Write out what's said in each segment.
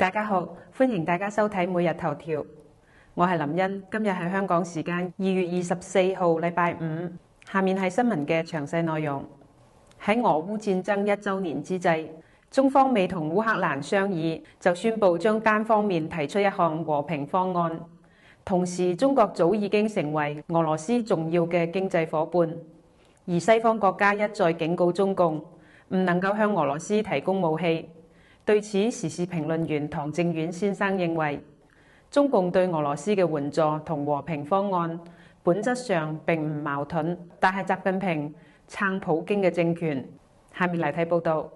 大家好，歡迎大家收睇每日頭條，我係林茵，今日係香港時間二月二十四號禮拜五，下面係新聞嘅詳細內容。喺俄烏戰爭一周年之際，中方未同烏克蘭商議，就宣布將單方面提出一項和平方案。同時，中國早已經成為俄羅斯重要嘅經濟夥伴，而西方國家一再警告中共，唔能夠向俄羅斯提供武器。對此，時事評論員唐正遠先生認為，中共對俄羅斯嘅援助同和,和平方案本質上並唔矛盾，但係習近平撐普京嘅政權。下面嚟睇報道，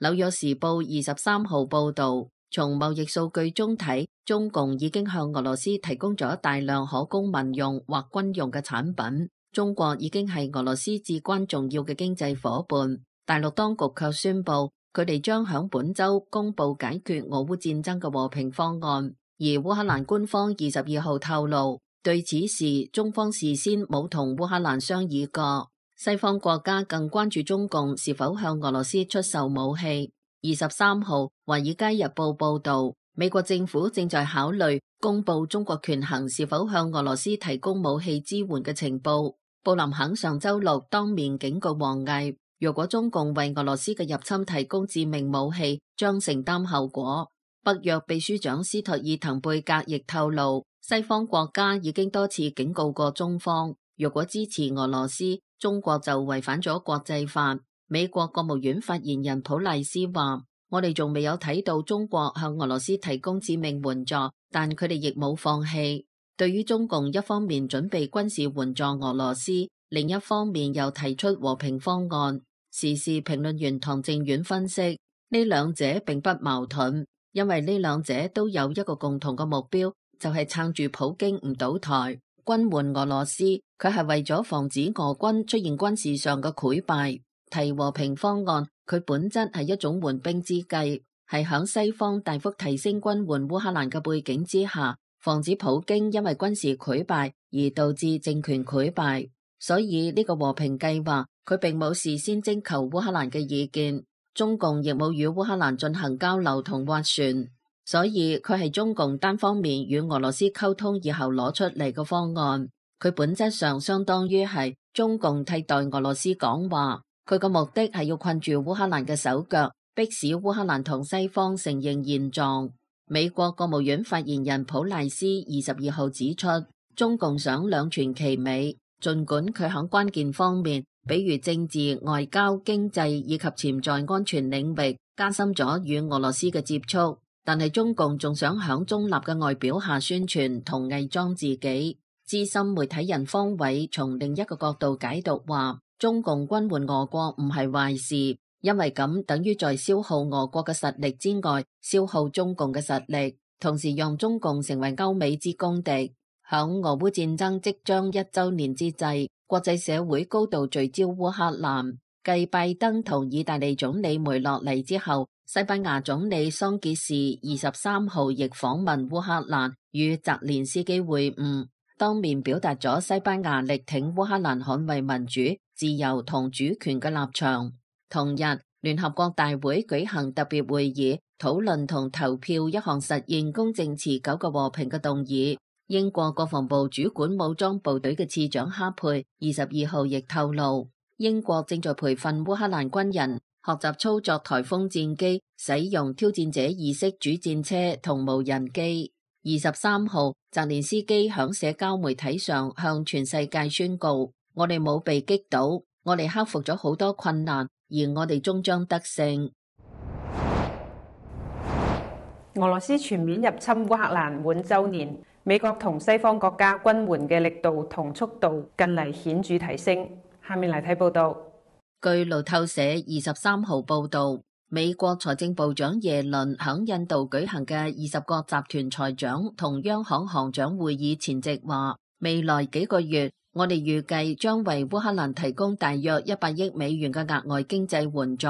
《紐約時報》二十三號報道，從貿易數據中睇，中共已經向俄羅斯提供咗大量可供民用或軍用嘅產品。中國已經係俄羅斯至關重要嘅經濟伙伴。大陸當局卻宣布。佢哋將喺本周公布解決俄烏戰爭嘅和平方案，而烏克蘭官方二十二號透露，對此事中方事先冇同烏克蘭商議過。西方國家更關注中共是否向俄羅斯出售武器。二十三號《華爾街日報》報道，美國政府正在考慮公布中國權衡是否向俄羅斯提供武器支援嘅情報。布林肯上周六當面警告王毅。若果中共為俄羅斯嘅入侵提供致命武器，將承擔後果。北約秘書長斯托爾滕貝格亦透露，西方國家已經多次警告過中方，如果支持俄羅斯，中國就違反咗國際法。美國國務院發言人普麗斯話，我哋仲未有睇到中國向俄羅斯提供致命援助，但佢哋亦冇放棄。對於中共一方面準備軍事援助俄羅斯，另一方面又提出和平方案。時事評論員唐正遠分析：呢兩者並不矛盾，因為呢兩者都有一個共同嘅目標，就係撐住普京唔倒台。軍援俄羅斯，佢係為咗防止俄軍出現軍事上嘅潰敗。提和平方案，佢本質係一種緩兵之計，係響西方大幅提升軍援烏克蘭嘅背景之下，防止普京因為軍事潰敗而導致政權潰敗。所以呢個和平計劃。佢並冇事先徵求烏克蘭嘅意見，中共亦冇與烏克蘭進行交流同斡旋，所以佢係中共單方面與俄羅斯溝通以後攞出嚟嘅方案。佢本質上相當於係中共替代俄羅斯講話。佢嘅目的係要困住烏克蘭嘅手腳，迫使烏克蘭同西方承認現狀。美國國務院發言人普賴斯二十二號指出，中共想兩全其美，儘管佢響關鍵方面。比如政治、外交、經濟以及潛在安全領域加深咗與俄羅斯嘅接觸，但係中共仲想響中立嘅外表下宣傳同偽裝自己。資深媒體人方偉從另一個角度解讀話中共軍援俄國唔係壞事，因為咁等於在消耗俄國嘅實力之外，消耗中共嘅實力，同時讓中共成為歐美之公敵。響俄烏戰爭即將一周年之際，國際社會高度聚焦烏克蘭。繼拜登同意大利總理梅洛尼之後，西班牙總理桑切斯二十三號亦訪問烏克蘭，與澤連斯基會晤，當面表達咗西班牙力挺烏克蘭捍衛民主、自由同主權嘅立場。同日，聯合國大會舉行特別會議，討論同投票一項實現公正、持久嘅和平嘅動議。英國國防部主管武裝部隊嘅次長哈佩二十二號亦透露，英國正在培訓烏克蘭軍人學習操作颱風戰機、使用挑戰者二式主戰車同無人機。二十三號澤連斯基響社交媒體上向全世界宣告：我哋冇被擊倒，我哋克服咗好多困難，而我哋終將得勝。俄羅斯全面入侵烏克蘭滿周年。美國同西方國家軍援嘅力度同速度近嚟顯著提升。下面嚟睇報道。據路透社二十三號報導，美國財政部長耶倫響印度舉行嘅二十國集團財長同央行行長會議前夕話：未來幾個月，我哋預計將為烏克蘭提供大約一百億美元嘅額外經濟援助。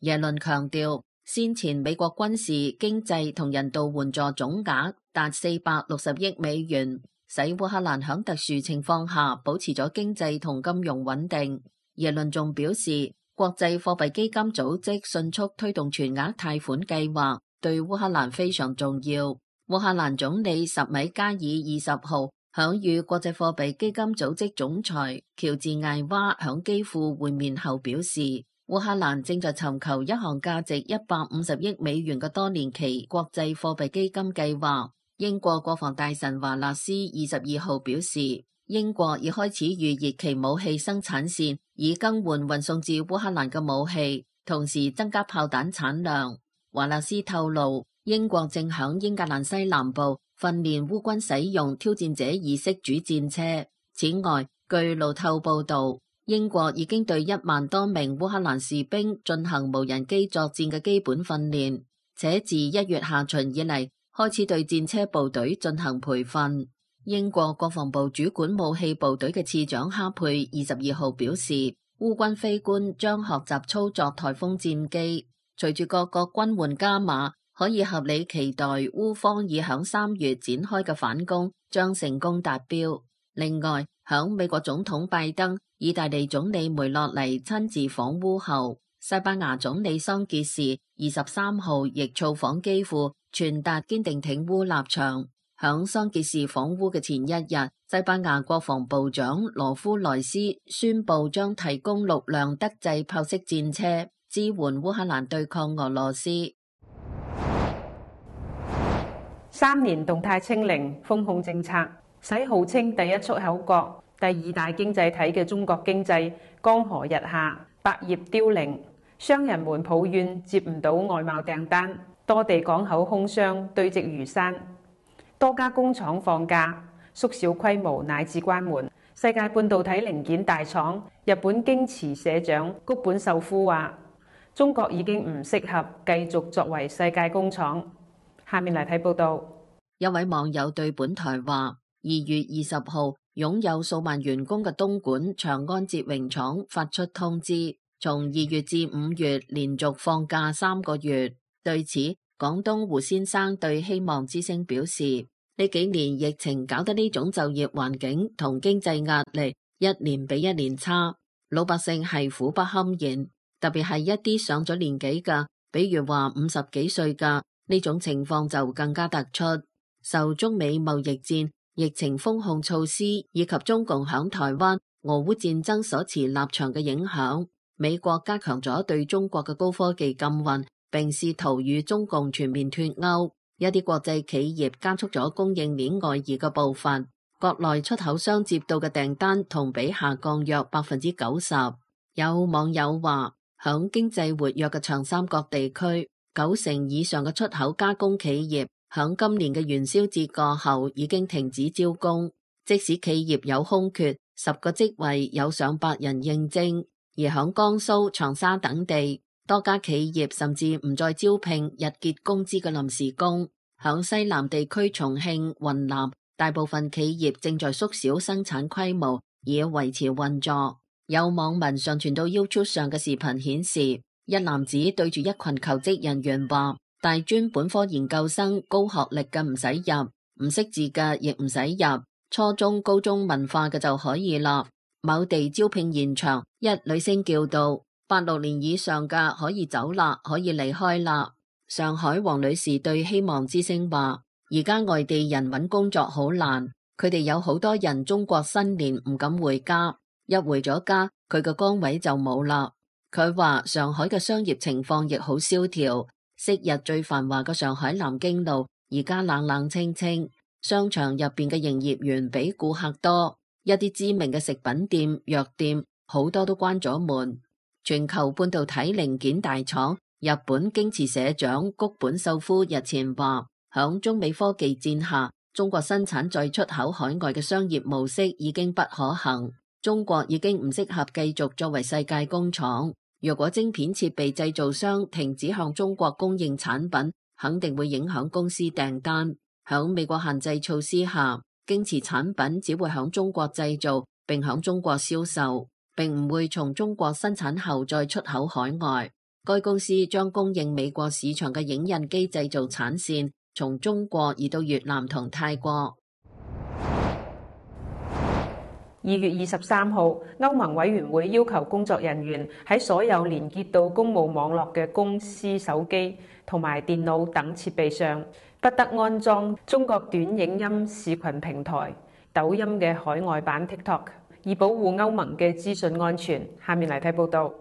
耶倫強調，先前美國軍事、經濟同人道援助總額達四百六十億美元，使烏克蘭響特殊情況下保持咗經濟同金融穩定。耶倫仲表示，國際貨幣基金組織迅速推動全額貸款計劃，對烏克蘭非常重要。烏克蘭總理什米加爾二十號響與國際貨幣基金組織總裁喬治艾娃響基輔會面後表示，烏克蘭正在尋求一項價值一百五十億美元嘅多年期國際貨幣基金計劃。英國國防大臣華納斯二十二號表示，英國已開始預熱其武器生產線，以更換運送至烏克蘭嘅武器，同時增加炮彈產量。華納斯透露，英國正響英格蘭西南部訓練烏軍使用挑戰者二式主戰車。此外，據路透報道，英國已經對一萬多名烏克蘭士兵進行無人機作戰嘅基本訓練，且自一月下旬以嚟。開始對戰車部隊進行培訓。英國國防部主管武器部隊嘅次長哈佩二十二號表示，烏軍飛官將學習操作颱風戰機。隨住各國軍援加碼，可以合理期待烏方已響三月展開嘅反攻將成功達標。另外，響美國總統拜登、意大利總理梅洛尼親自訪烏後，西班牙總理桑傑士二十三號亦造訪基輔。傳達堅定挺烏立場，響桑杰士訪烏嘅前一日，西班牙國防部長羅夫萊斯宣佈將提供六輛德製炮式戰車支援烏克蘭對抗俄羅斯。三年動態清零封控政策，使號稱第一出口國、第二大經濟體嘅中國經濟江河日下，百業凋零，商人們抱怨接唔到外貿訂單。多地港口空箱堆積如山，多家工廠放假縮小規模乃至關門。世界半導體零件大廠日本京瓷社長谷本秀夫話：中國已經唔適合繼續作為世界工廠。下面嚟睇報道。一位網友對本台話：二月二十號擁有數萬員工嘅東莞長安捷榮廠發出通知，從二月至五月連續放假三個月。對此，廣東胡先生對希望之聲表示：呢幾年疫情搞得呢種就業環境同經濟壓力一年比一年差，老百姓係苦不堪言。特別係一啲上咗年紀嘅，比如話五十幾歲嘅，呢種情況就更加突出。受中美貿易戰、疫情封控措施以及中共響台灣、俄烏戰爭所持立場嘅影響，美國加強咗對中國嘅高科技禁運，並試圖與中共全面脫鈎，一啲國際企業加速咗供應鏈外移嘅步伐。國內出口商接到嘅訂單同比下降約百分之九十。有網友話，響經濟活躍嘅長三角地區，九成以上嘅出口加工企業響今年嘅元宵節過後已經停止招工。即使企業有空缺，十個職位有上百人應徵，而響江蘇、長沙等地。多家企業甚至唔再招聘日結工資嘅臨時工。響西南地區重慶、雲南，大部分企業正在縮小生產規模，以維持運作。有網民上傳到 YouTube 上嘅視頻顯示，一男子對住一群求職人員話：大專、本科、研究生、高學歷嘅唔使入，唔識字嘅亦唔使入，初中、高中文化嘅就可以啦。某地招聘現場，一女星叫道。八六年以上嘅可以走啦，可以離開啦。上海王女士對希望之聲話：而家外地人搵工作好難，佢哋有好多人中國新年唔敢回家，一回咗家，佢個崗位就冇啦。佢話上海嘅商業情況亦好蕭條，昔日最繁華嘅上海南京路而家冷冷清清，商場入邊嘅營業員比顧客多，一啲知名嘅食品店、藥店好多都關咗門。全球半導體零件大廠日本京瓷社長谷本秀夫日前話，響中美科技戰下，中國生產再出口海外嘅商業模式已經不可行，中國已經唔適合繼續作為世界工廠。如果晶片設備製造商停止向中國供應產品，肯定會影響公司訂單。響美國限制措施下，京瓷產品只會響中國製造，並響中國銷售。並唔會從中國生產後再出口海外。該公司將供應美國市場嘅影印機製造產線，從中國移到越南同泰國。二月二十三號，歐盟委員會要求工作人員喺所有連接到公務網絡嘅公司手機同埋電腦等設備上，不得安裝中國短影音視頻平台抖音嘅海外版 TikTok。，以保護歐盟嘅資訊安全。下面嚟睇報道。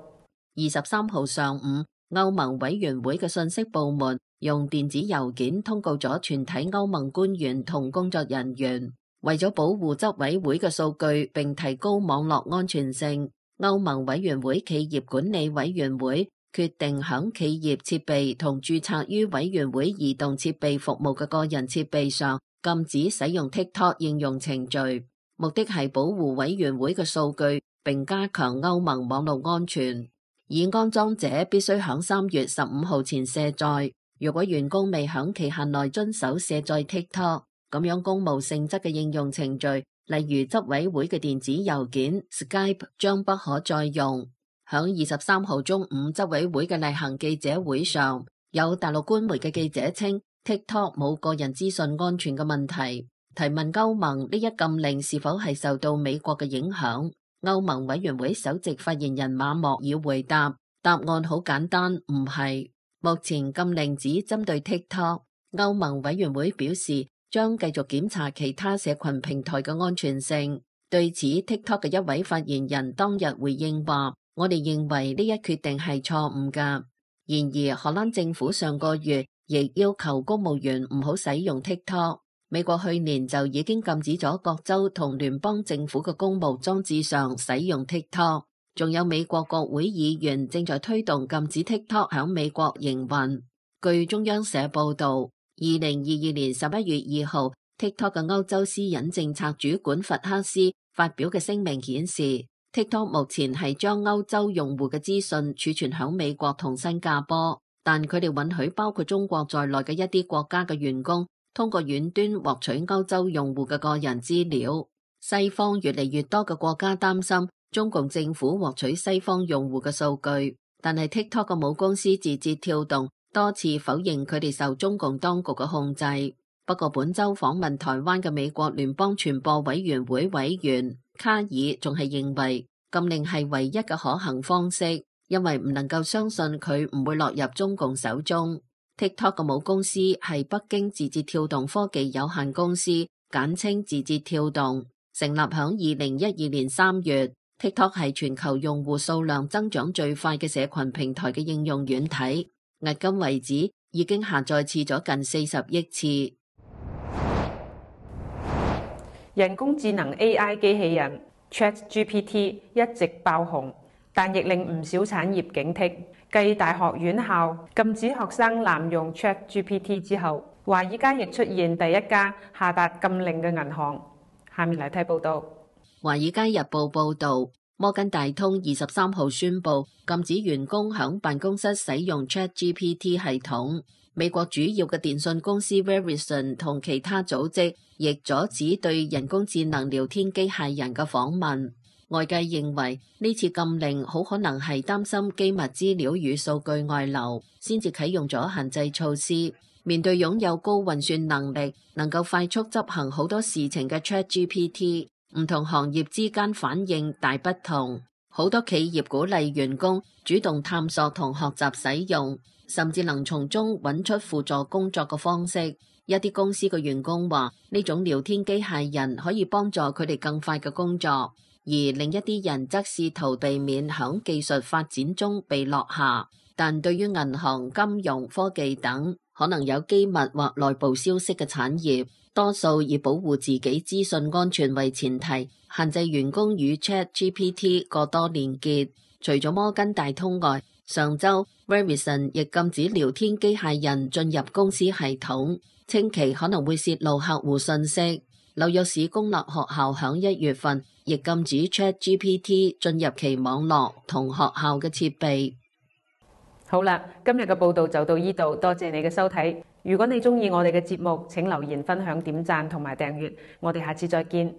二十三號上午，歐盟委員會嘅信息部門用電子郵件通告咗全體歐盟官員同工作人員，為咗保護執委會嘅數據，並提高網絡安全性，歐盟委員會企業管理委員會決定響企業設備同註冊於委員會移動設備服務嘅個人設備上禁止使用目的係保護委員會嘅數據，並加強歐盟網絡安全。已安裝者必須響三月十五號前卸載。如果員工未響期限內遵守卸載 TikTok，咁樣公務性質嘅應用程序，例如執委會嘅電子郵件、Skype，將不可再用。響二十三號中午執委會嘅例行記者會上，有大陸官媒嘅記者稱，TikTok 冇個人資訊安全嘅問題。提問歐盟呢一禁令是否係受到美國嘅影響？歐盟委員會首席發言人馬莫爾回答：答案好簡單，唔係。目前禁令只針對 TikTok。歐盟委員會表示將繼續檢查其他社群平台嘅安全性。對此，TikTok 嘅一位發言人當日回應話：我哋認為呢一決定係錯誤㗎。然而，荷蘭政府上個月亦要求公務員唔好使用 TikTok。美國去年就已經禁止咗各州同聯邦政府嘅公務裝置上使用 TikTok，仲有美國國會議員正在推動禁止 TikTok 響美國營運。據中央社報道，二零二二年十一月二號，TikTok 嘅歐洲私隱政策主管弗克斯發表嘅聲明顯示，TikTok 目前係將歐洲用戶嘅資訊儲存響美國同新加坡，但佢哋允許包括中國在內嘅一啲國家嘅員工。通過遠端獲取歐洲用戶嘅個人資料，西方越嚟越多嘅國家擔心中共政府獲取西方用戶嘅數據。但係 TikTok 嘅母公司字節跳動多次否認佢哋受中共當局嘅控制。不過本周訪問台灣嘅美國聯邦傳播委員會委員卡爾仲係認為禁令係唯一嘅可行方式，因為唔能夠相信佢唔會落入中共手中。TikTok 嘅母公司係北京字節跳動科技有限公司，簡稱字節跳動，成立響二零一二年三月。TikTok 係全球用戶數量增長最快嘅社群平台嘅應用軟體，迄今為止已經下載次咗近四十億次。人工智能 AI 機器人 ChatGPT 一直爆紅。但亦令唔少產業警惕，繼大學院校禁止學生濫用 ChatGPT 之後，華爾街亦出現第一家下達禁令嘅銀行。下面嚟睇報道。《華爾街日報》報導，摩根大通二十三號宣布禁止員工響辦公室使用 ChatGPT 系統。美國主要嘅電信公司 Verizon 同其他組織亦阻止對人工智能聊天機械人嘅訪問。外界認為呢次禁令好可能係擔心機密資料與數據外流，先至啟用咗限制措施。面對擁有高運算能力、能夠快速執行好多事情嘅 ChatGPT，唔同行業之間反應大不同。好多企業鼓勵員工主動探索同學習使用，甚至能從中揾出輔助工作嘅方式。一啲公司嘅員工話：呢種聊天機械人可以幫助佢哋更快嘅工作。而另一啲人則試圖避免響技術發展中被落下，但對於銀行、金融科技等可能有機密或內部消息嘅產業，多數以保護自己資訊安全為前提，限制員工與 Chat GPT 過多連結。除咗摩根大通外，上周 Verizon 亦禁止聊天機械人進入公司系統，稱其可能會泄露客戶信息。紐約市公立學校響一月份。亦禁止 ChatGPT 進入其網絡同學校嘅設備。好啦，今日嘅報道就到呢度，多謝你嘅收睇。如果你中意我哋嘅節目，請留言、分享、點讚同埋訂閱。我哋下次再見。